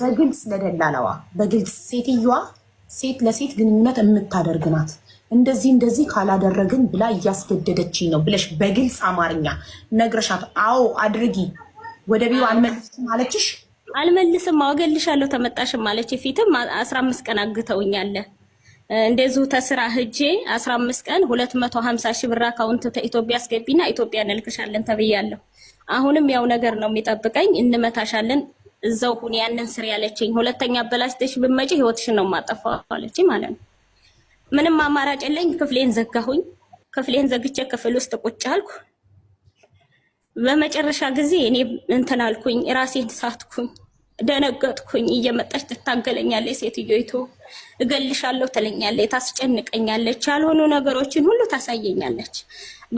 በግልጽ ለደላላዋ በግልጽ ሴትዮዋ ሴት ለሴት ግንኙነት የምታደርግ ናት። እንደዚህ እንደዚህ ካላደረግን ብላ እያስገደደችኝ ነው ብለሽ በግልጽ አማርኛ ነግረሻት፣ አዎ አድርጊ ወደ ቢሮ አልመልስም አለችሽ? አልመልስም አወገልሻለሁ ተመጣሽም አለች። ፊትም አስራ አምስት ቀን አግተውኛለ እንደዚሁ ተስራ ህጄ አስራ አምስት ቀን ሁለት መቶ ሀምሳ ሺህ ብር አካውንት ከኢትዮጵያ አስገቢና ኢትዮጵያ እንልክሻለን ተብያለሁ። አሁንም ያው ነገር ነው የሚጠብቀኝ። እንመታሻለን እዛው ሁን ያንን ስር ያለችኝ። ሁለተኛ አበላሽተሽ ብትመጪ ህይወትሽን ነው የማጠፋው አለችኝ ማለት ነው። ምንም አማራጭ የለኝ። ክፍሌን ዘጋሁኝ። ክፍሌን ዘግቼ ክፍል ውስጥ ቁጭ አልኩ። በመጨረሻ ጊዜ እኔ እንትን አልኩኝ፣ ራሴን ሳትኩኝ፣ ደነገጥኩኝ። እየመጣች ትታገለኛለች፣ ሴትዮይቱ እገልሻለሁ ትለኛለች፣ ታስጨንቀኛለች፣ ያልሆኑ ነገሮችን ሁሉ ታሳየኛለች።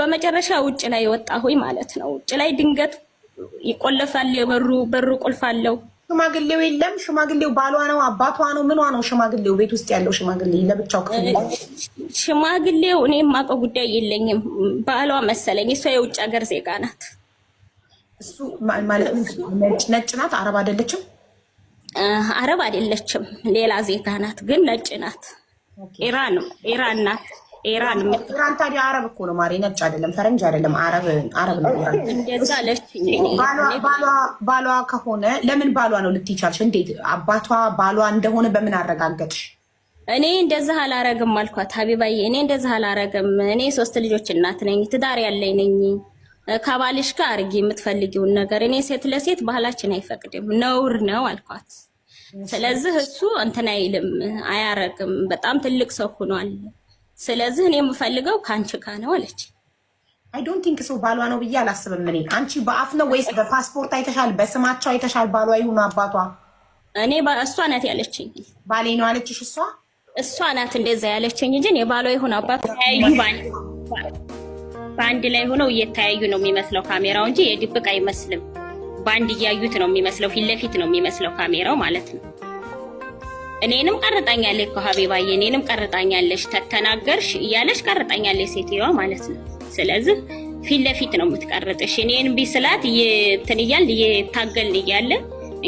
በመጨረሻ ውጭ ላይ ወጣሁኝ ማለት ነው። ውጭ ላይ ድንገት ይቆለፋል። የበሩ በሩ ቁልፍ አለው። ሽማግሌው የለም። ሽማግሌው ባሏ ነው፣ አባቷ ነው፣ ምኗ ነው? ሽማግሌው ቤት ውስጥ ያለው ሽማግሌ ለብቻው ክፍል ሽማግሌው እኔ የማውቀው ጉዳይ የለኝም። ባሏ መሰለኝ። እሷ የውጭ ሀገር ዜጋ ናት። እሱ ማለት ነጭ ናት። አረብ አይደለችም። አረብ አይደለችም። ሌላ ዜጋ ናት፣ ግን ነጭ ናት። ኢራን ኢራን ናት። ኢራን ታዲያ አረብ እኮ ነው ማሬ፣ ነጭ አይደለም፣ ፈረንጅ አይደለም፣ አረብ አረብ ነው። ባሏ ከሆነ ለምን ባሏ ነው ልትይቻልሽ? እንዴት አባቷ ባሏ እንደሆነ በምን አረጋገጥሽ? እኔ እንደዚህ አላረግም አልኳት። ሀቢባዬ እኔ እንደዚህ አላረግም። እኔ ሶስት ልጆች እናት ነኝ፣ ትዳር ያለኝ ነኝ። ከባልሽ ጋር አርጊ የምትፈልጊውን ነገር። እኔ ሴት ለሴት ባህላችን አይፈቅድም፣ ነውር ነው አልኳት። ስለዚህ እሱ እንትን አይልም፣ አያረግም። በጣም ትልቅ ሰው ሆኗል። ስለዚህ እኔ የምፈልገው ከአንቺ ጋ ነው አለች። አይ ዶንት ቲንክ ሰው ባሏ ነው ብዬ አላስብም። እኔ አንቺ በአፍ ነው ወይስ በፓስፖርት አይተሻል? በስማቸው አይተሻል? ባሏ ይሁን አባቷ እኔ እሷ ናት ያለችኝ። ባሌ ነው አለችሽ? እሷ እሷ ናት እንደዛ ያለችኝ እንጂ እኔ ባሏ ይሁን አባቷ ተያዩ በአንድ ላይ ሆነው እየተያዩ ነው የሚመስለው ካሜራው እንጂ የድብቅ አይመስልም። በአንድ እያዩት ነው የሚመስለው፣ ፊት ለፊት ነው የሚመስለው ካሜራው ማለት ነው። እኔንም ቀርጣኛለች እኮ ሀቢባዬ፣ እኔንም ቀርጣኛለች ተተናገርሽ እያለች ቀርጣኛለች ሴትዮዋ ማለት ነው። ስለዚህ ፊት ለፊት ነው የምትቀርጥሽ። እኔን ቢስላት እንትን እያልን እየታገልን እያለ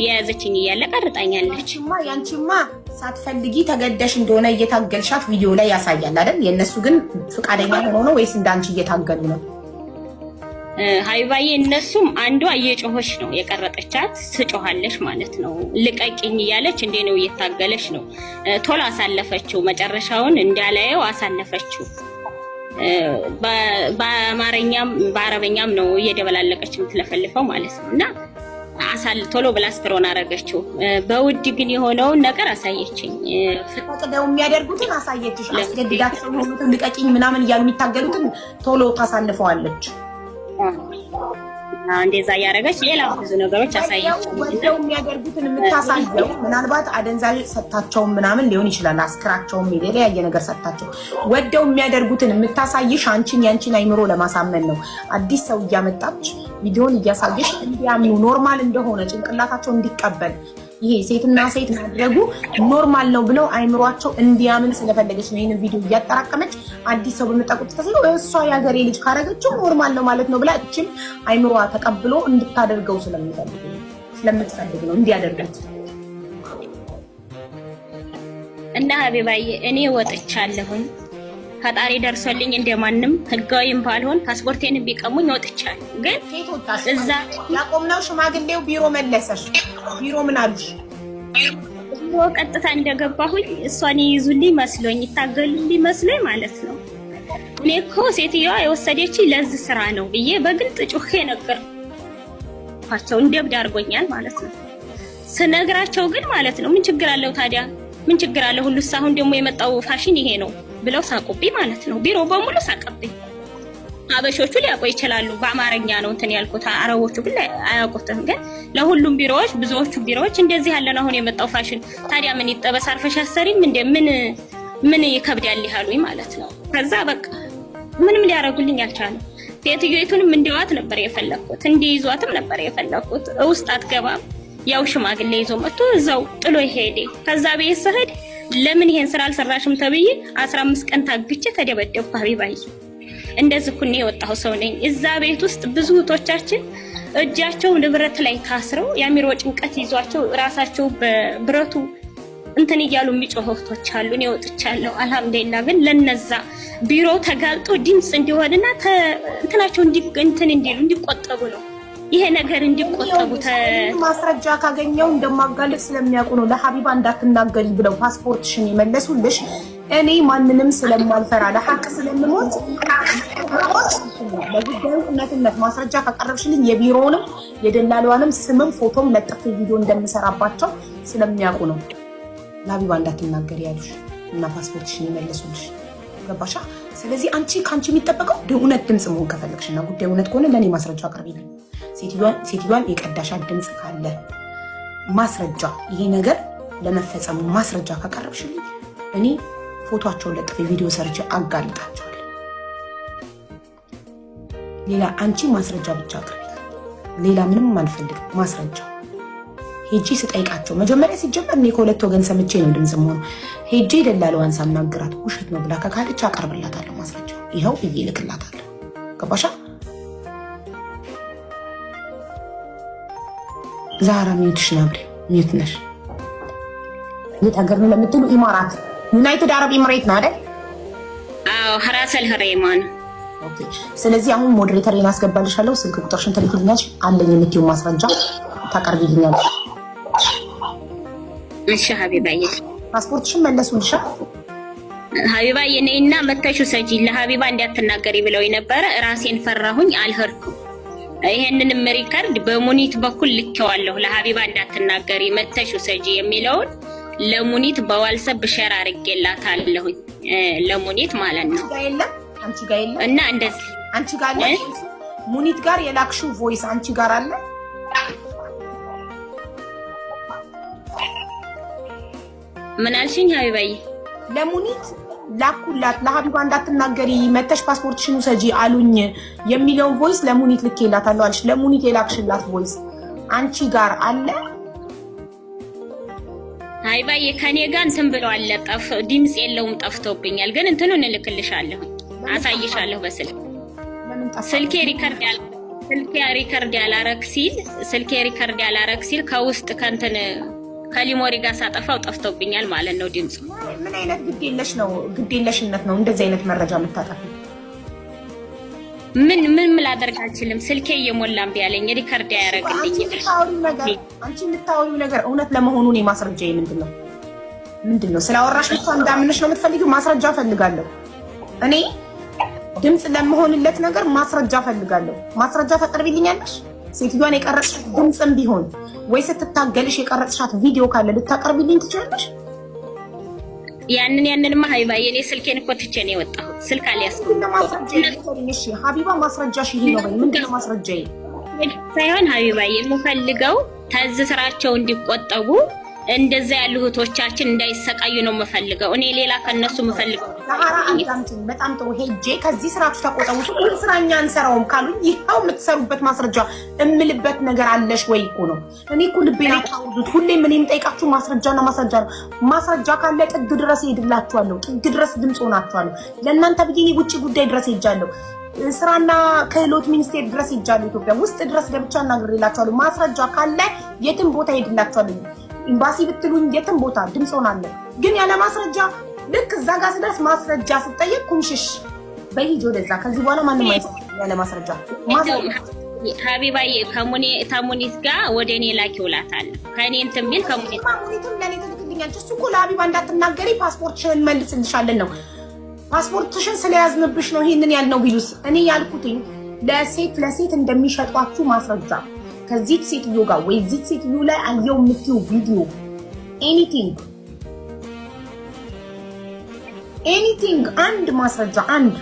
እየያዘችኝ እያለ ቀርጣኛለች። ያንቺማ ሳትፈልጊ ተገደሽ እንደሆነ እየታገልሻት ቪዲዮ ላይ ያሳያል አይደል? የእነሱ ግን ፈቃደኛ ሆኖ ነው ወይስ እንዳንቺ እየታገሉ ነው? ሀይባዬ እነሱም አንዷ እየጮኸች ነው የቀረጠቻት፣ ስጮሃለች ማለት ነው። ልቀቂኝ እያለች እንዴ ነው እየታገለች ነው። ቶሎ አሳለፈችው፣ መጨረሻውን እንዳላየው አሳለፈችው። በአማርኛም በአረበኛም ነው እየደበላለቀች የምትለፈልፈው ማለት ነው። እና ቶሎ ብላስትሮን አረገችው። በውድ ግን የሆነውን ነገር አሳየችኝ። ፈቅደው የሚያደርጉትን አሳየችሽ። አስገድዳቸው የሆኑትን ልቀቂኝ ምናምን እያሉ የሚታገሉትን ቶሎ ታሳልፈዋለች። እንደዛ እያደረገች ሌላ ብዙ ነገሮች አሳየችው። ወደው የሚያደርጉትን የምታሳየው ምናልባት አደንዛዥ ሰታቸውን ምናምን ሊሆን ይችላል። አስክራቸውም የተለያየ ነገር ሰታቸው ወደው የሚያደርጉትን የምታሳይሽ አንቺን ያንቺን አይምሮ ለማሳመን ነው። አዲስ ሰው እያመጣች ቪዲዮን እያሳየሽ እንዲያምኑ ኖርማል እንደሆነ ጭንቅላታቸው እንዲቀበል ይሄ ሴትና ሴት ማድረጉ ኖርማል ነው ብለው አይምሯቸው እንዲያምን ስለፈለገች ነው ይህንን ቪዲዮ እያጠራቀመች አዲስ ሰው በመጣቁት ተሰለው እሷ የሀገሬ ልጅ ካረገችው ኖርማል ነው ማለት ነው ብላ እችም አይምሯ ተቀብሎ እንድታደርገው ስለምፈልግ ስለምትፈልግ ነው እንዲያደርጉት። እና ሀቢባዬ እኔ ወጥቻለሁኝ። ፈጣሪ ደርሶልኝ እንደማንም ህጋዊም ባልሆን ፓስፖርቴን ቢቀሙኝ ወጥቻል። ግን እዛ ያቆምነው ሽማግሌው ቢሮ መለሰሽ? ቢሮ ምን አሉሽ? ቀጥታ እንደገባሁኝ እሷን ይይዙልኝ መስሎኝ ይታገሉልኝ መስሎኝ ማለት ነው። እኔ እኮ ሴትዮዋ የወሰደች ለዚህ ስራ ነው ብዬ በግልጥ ጩኼ ነገርኳቸው። እንደብድ አድርጎኛል ማለት ነው ስነግራቸው ግን ማለት ነው ምን ችግር አለው ታዲያ ምን ችግር አለ? ሁሉ አሁን ደግሞ የመጣው ፋሽን ይሄ ነው። ብለው ሳቁብኝ ማለት ነው። ቢሮ በሙሉ ሳቀብኝ። አበሾቹ ሊያውቁ ይችላሉ። በአማርኛ ነው እንትን ያልኩት። አረቦቹ ግን አያውቁትም። ግን ለሁሉም ቢሮዎች፣ ብዙዎቹ ቢሮዎች እንደዚህ ያለን አሁን የመጣው ፋሽን ታዲያ ምን ይጠበስ አርፈሽ አሰሪም እንደ ምን ምን ይከብዳል ይላሉኝ ማለት ነው። ከዛ በቃ ምንም ሊያደርጉልኝ አልቻለም። ሴትዮቱንም እንዲዋት ነበር የፈለኩት፣ እንዲይዟትም ነበር የፈለኩት። ውስጥ አትገባም። ያው ሽማግሌ ይዞ መጥቶ እዛው ጥሎ ሄደ። ከዛ ቤት ስሄድ ለምን ይሄን ስራ አልሰራሽም ተብዬ 15 ቀን ታግቼ ተደበደብኩ። ሀቢባዬ እንደዚህ ኩኔ የወጣሁ ሰው ነኝ። እዛ ቤት ውስጥ ብዙ እህቶቻችን እጃቸው ንብረት ላይ ታስረው የአሚሮ ጭንቀት ይዟቸው ራሳቸው በብረቱ እንትን እያሉ የሚጮህ እህቶች አሉ። እኔ ወጥቻለሁ አልሐምዱሊላህ። ግን ለነዛ ቢሮ ተጋልጦ ድምፅ እንዲሆንና እንትናቸው እንትን እንዲሉ እንዲቆጠቡ ነው ይሄ ነገር እንዲቆጠቡ ማስረጃ ካገኘው እንደማጋለጥ ስለሚያውቁ ነው ለሀቢባ እንዳትናገሪ ብለው ፓስፖርትሽን የመለሱልሽ። እኔ ማንንም ስለማልፈራ ለሀቅ ስለምሞት በጉዳዩ እውነትነት ማስረጃ ካቀረብሽልኝ የቢሮውንም የደላሏንም ስምም ፎቶም ለጥፍ ቪዲዮ እንደምሰራባቸው ስለሚያውቁ ነው ለሀቢባ እንዳትናገሪ ያሉሽ እና ፓስፖርትሽን የመለሱልሽ። ገባሻ? ስለዚህ አንቺ ከአንቺ የሚጠበቀው እውነት ድምፅ መሆን ከፈለግሽ እና እውነት ከሆነ ለእኔ ማስረጃ አቅርቢልኝ። ሴትዮዋን የቀዳሻት ድምፅ ካለ ማስረጃ፣ ይሄ ነገር ለመፈጸሙ ማስረጃ ካቀረብሽልኝ እኔ ፎቶቸውን ለጥፍ የቪዲዮ ሰርች አጋልጣቸዋል። ሌላ አንቺ ማስረጃ ብቻ አቅርቢ፣ ሌላ ምንም አልፈልግም። ማስረጃ ሄጂ ስጠይቃቸው መጀመሪያ ሲጀመር እኔ ከሁለት ወገን ሰምቼ ነው ድምፅ መሆኑ። ሄጂ ደላላዋን ሳናግራት ውሸት ነው ብላ ከካለች አቀርብላታለሁ ማስረጃ። ይኸው ብዬ እልክላታለሁ። ገባሻ? ዛራ ሚትሽ ናብሪ ሚዩት ነሽ። የት ሀገር ነው ለምትሉ ኢማራት ዩናይትድ አረብ ኢምሬት ነው አይደል? አዎ ራሰል ሆሬማን። ኦኬ ስለዚህ አሁን ሞዴሬተር እናስገባልሻለሁ። ስልክ ቁጥርሽን ትልክልኛለሽ። አለኝ የምትዩ ማስረጃ ታቀርቢልኛለሽ። እሺ ሀቢባዬ፣ ፓስፖርትሽን መለሱልሻ። ሀቢባዬ ነይና መተሹ ሰጂ ለሀቢባ እንዲያትናገሪ ብለው የነበረ ራሴን ፈራሁኝ አልሄድኩም። ይሄንንም ሪከርድ በሙኒት በኩል ልኬዋለሁ ለሀቢባ እንዳትናገሪ መተሽ ውሰጂ የሚለውን ለሙኒት በዋልሰብ ሸር አድርጌላታለሁ። ለሙኒት ማለት ነው እና እንደዚህ አንቺ ጋር ሙኒት ጋር የላክሹ ቮይስ አንቺ ጋር አለ። ምን አልሽኝ ሀቢባዬ? ለሙኒት ላኩላት ለሀቢባ እንዳትናገሪ መተሽ ፓስፖርትሽን ውሰጂ አሉኝ የሚለውን ቮይስ ለሙኒት ልኬላታለሁ አለች። ለሙኒት የላክሽላት ቮይስ አንቺ ጋር አለ? አይ ባዬ ከኔ ጋር እንትን ብለው አለ። ድምፅ የለውም ጠፍቶብኛል፣ ግን እንትኑን እልክልሻለሁ፣ አሳይሻለሁ በስልክ ስልኬ ሪከርድ ያል ስልኬ ሪከርድ ያላረግ ሲል ስልኬ ሪከርድ ያላረግ ሲል ከውስጥ ከእንትን ከሊሞሪ ጋር ሳጠፋው ጠፍተውብኛል ማለት ነው ድምፁ። ምን አይነት ግዴለሽ ነው? ግዴለሽነት ነው እንደዚህ አይነት መረጃ የምታጠፉ። ምን ምን ምን ላደርግ አልችልም። ስልኬ እየሞላም ቢያለኝ ሪከርድ ያደረግልኝ። አንቺ የምታወሪው ነገር እውነት ለመሆኑ እኔ ማስረጃ ምንድን ነው? ምንድን ነው ስላወራሽ ብቻ እንዳምንሽ ነው የምትፈልጊው? ማስረጃ ፈልጋለሁ እኔ ድምፅ ለመሆንለት ነገር ማስረጃ ፈልጋለሁ። ማስረጃ ታቀርቢልኛለሽ? ሴትዮዋን የቀረጽሻት ድምፅም ቢሆን ወይ ስትታገልሽ የቀረጽሻት ቪዲዮ ካለ ልታቀርብልኝ ትችላለሽ? ያንን ያንንማ ሀቢባ የኔ ስልኬን እኮ ትቼ ነው የወጣሁት። ስልክ አልያዝኩም። ሀቢባ ማስረጃሽ ይሄ ነው። ምንድነው ማስረጃ ሳይሆን ሀቢባ የምፈልገው ተዝ ስራቸው እንዲቆጠቡ እንደዛ ያሉ እህቶቻችን እንዳይሰቃዩ ነው የምፈልገው። እኔ ሌላ ከነሱ የምፈልገው ዛራ አዳምትን በጣም ጥሩ ሄጄ ከዚህ ስራችሁ ተቆጠቡ። ሁሉ ስራ እኛ አንሰራውም ካሉኝ ይኸው የምትሰሩበት ማስረጃ እምልበት ነገር አለሽ ወይ እኮ ነው። እኔ እኮ ልቤን አታውዱት። ሁሌ ምን የምጠይቃችሁ ማስረጃና ማስረጃ ነው። ማስረጃ ካለ ጥግ ድረስ ሄድላችኋለሁ። ጥግ ድረስ ድምፅ ሆናችኋለሁ። ለእናንተ ብዬ ውጭ ጉዳይ ድረስ ሄጃለሁ። ስራና ክህሎት ሚኒስቴር ድረስ ሄጃለሁ። ኢትዮጵያ ውስጥ ድረስ ገብቻ እናግሬላችኋለሁ። ማስረጃ ካለ የትም ቦታ ሄድላችኋለሁ። ኤምባሲ ብትሉኝ የትም ቦታ ድምፅ ሆናለሁ። ግን ያለ ማስረጃ ልክ እዛ ጋር ስደርስ ማስረጃ ስጠየቅ ኩምሽሽ በሂጅ ወደዛ። ከዚህ በኋላ ማንም አይጽ ያለ ማስረጃ ሀቢባዬ ከሙኒት ጋር ወደ እኔ ላኪ ውላታለሁ። ከእኔ እንትን ቢል ከሙኒትም ለእኔ ትልክልኛለች። እሱ እኮ ለሀቢባ እንዳትናገሪ ፓስፖርትሽን እንመልስልሻለን ነው ፓስፖርትሽን ስለያዝንብሽ ነው ይህንን ያልነው ቢሉስ? እኔ ያልኩትኝ ለሴት ለሴት እንደሚሸጧችሁ ማስረጃ ከዚች ሴትዮ ጋር ወይ ዚች ሴትዮ ላይ አየው የምትይው ቪዲዮ ኤኒቲንግ ኤኒቲንግ አንድ ማስረጃ አንድ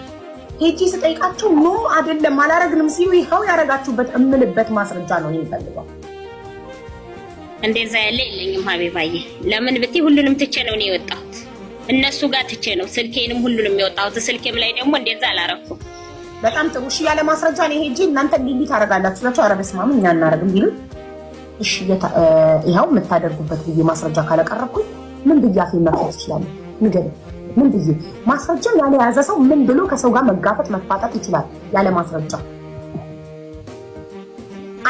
ሄጂ ስጠይቃቸው ኖ አይደለም አላረግንም ሲሉ ይኸው ያረጋችሁበት እምልበት ማስረጃ ነው የሚፈልገው። እንደዛ ያለ የለኝም ሀቢባዬ። ለምን ብትይ ሁሉንም ትቼ ነው እኔ የወጣሁት እነሱ ጋር ትቼ ነው ስልኬንም ሁሉንም የወጣሁት። ስልኬም ላይ ደግሞ እንደዛ አላረኩም። በጣም ጥሩ እሺ። ያለ ማስረጃ ነው ሄጄ እናንተ ሊሊ ታደርጋላችሁ ናቸው። ኧረ በስመ አብ እኛ እናደርግም ቢሉ እሺ፣ ይኸው የምታደርጉበት ብዬ ማስረጃ ካላቀረብኩኝ ምን ብዬ አፌ መፍታት ይችላል? ምን ብዬ ማስረጃ ያለ የያዘ ሰው ምን ብሎ ከሰው ጋር መጋፈጥ መፋጠጥ ይችላል? ያለ ማስረጃ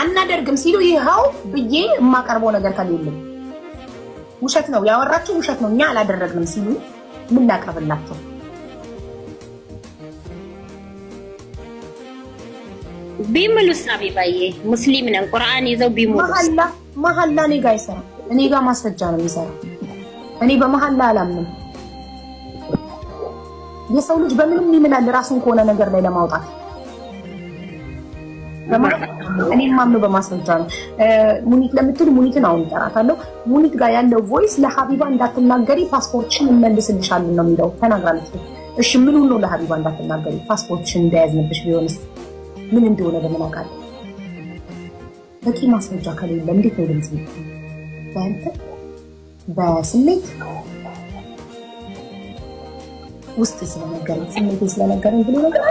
አናደርግም ሲሉ ይኸው ብዬ የማቀርበው ነገር ከሌለም ውሸት ነው ያወራችሁ ውሸት ነው እኛ አላደረግንም ሲሉ ምን ላቅርብላቸው? ቢምሉስ ነው ቢባዬ ሙስሊም ነን ቁርአን ይዘው ቢሙሉስ መሐላ መሐላ እኔ ጋር ይሰራ እኔ ጋር ማስረጃ ነው የሚሰራ እኔ በመሐላ አላምንም የሰው ልጅ በምንም ይምላል ራሱን ከሆነ ነገር ላይ ለማውጣት እኔ ማምነው በማስረጃ ነው ሙኒት ለምትል ሙኒትን አሁን እጠራታለሁ ሙኒት ጋር ያለው ቮይስ ለሀቢባ እንዳትናገሪ ፓስፖርትሽን እንመልስልሻለን ነው የሚለው ተናግራለች እሺ ምን ሁሉ ለሀቢባ እንዳትናገሪ ፓስፖርትሽን እንደያዝንብሽ ቢሆንስ ምን እንደሆነ በምን አውቃለሁ? በቂ ማስረጃ ከሌለ እንዴት ነው ድምፅ ነው? በአንተ በስሜት ውስጥ ስለነገረኝ ስሜት ስለነገረኝ ብሎ ነገር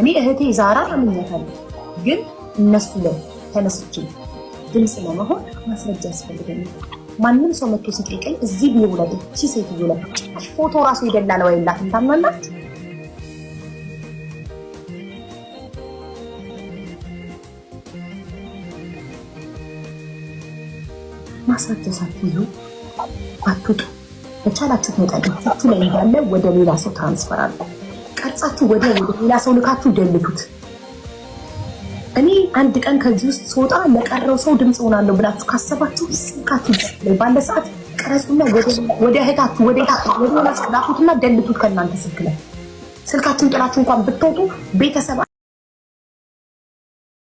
እኔ እህቴ ዛራ አምኛታለሁ፣ ግን እነሱ ላይ ተነስቼ ድምፅ ለመሆን ማስረጃ ያስፈልገኛል። ማንም ሰው መቶ ሲጠይቀኝ እዚህ ቢሮ ላይ እቺ ሴትዮ ላይ ፎቶ ራሱ የደላለው ወይላት ታምናላችሁ? ማስረጃ ሳትይዙ አትውጡ። በቻላችሁት መጠን እጃችሁ ላይ እንዳለ ወደ ሌላ ሰው ትራንስፈር አለ ቀርጻችሁ ወደ ሌላ ሰው ልካችሁ ደልቱት። እኔ አንድ ቀን ከዚህ ውስጥ ስወጣ ለቀረው ሰው ድምፅ ሆናለሁ ብላችሁ ካሰባችሁ ስልካችሁ ላይ ባለ ሰዓት ቀረጹና ወደ እህታችሁ ወደ ላኩትና ደልቱት። ከእናንተ ስልክ ላይ ስልካችሁን ጥላችሁ እንኳን ብትወጡ ቤተሰብ